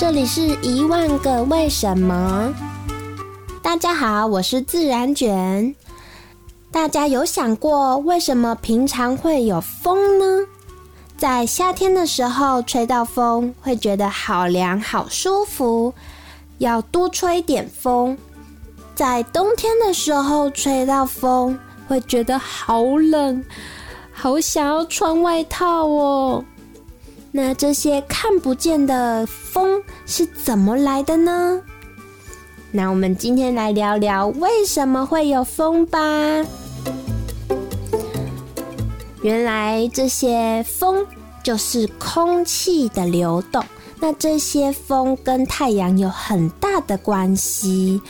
這裡是一萬個為什麼，大家好，我是自然捲。大家有想過為什麼平常會有風呢？在夏天的時候吹到風會覺得好涼、好舒服，要多吹一點風。在冬天的時候吹到風會覺得好冷，好想要穿外套哦。那這些看不見的風是怎麼來的呢？那我們今天來聊聊為什麼會有風吧。原來這些風就是空氣的流動。那這些風跟太陽有很大的關係。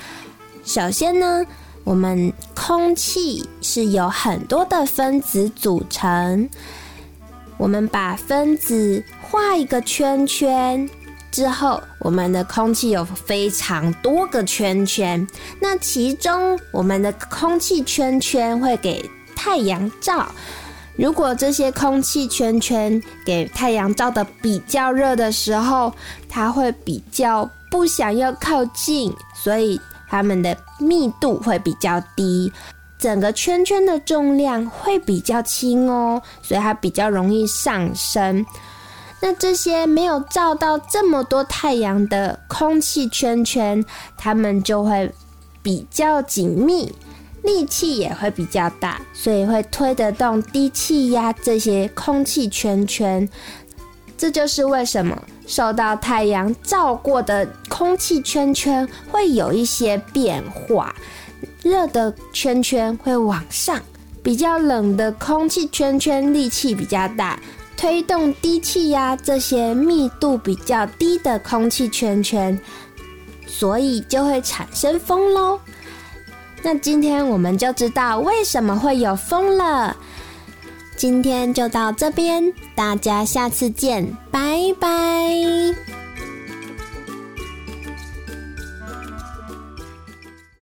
首先呢，我們空氣是由很多的分子組成。我們把分子畫一個圈圈之後，我們的空氣有非常多個圈圈。那其中，我們的空氣圈圈會給太陽照。如果這些空氣圈圈給太陽照得比較熱的時候，它會比較不想要靠近，所以它們的密度會比較低。整個圈圈的重量會比較輕哦，所以它比較容易上升。那這些沒有照到這麼多太陽的空氣圈圈，它們就會比較緊密，力氣也會比較大，所以會推得動低氣壓這些空氣圈圈。這就是為什麼受到太陽照過的空氣圈圈會有一些變化。熱的圈圈會往上，比較冷的空氣圈圈力氣比較大，推動低氣壓，啊，這些密度比較低的空氣圈圈，所以就會產生風嘍。那今天我們就知道為什麼會有風了。今天就到這邊，大家下次見，拜拜。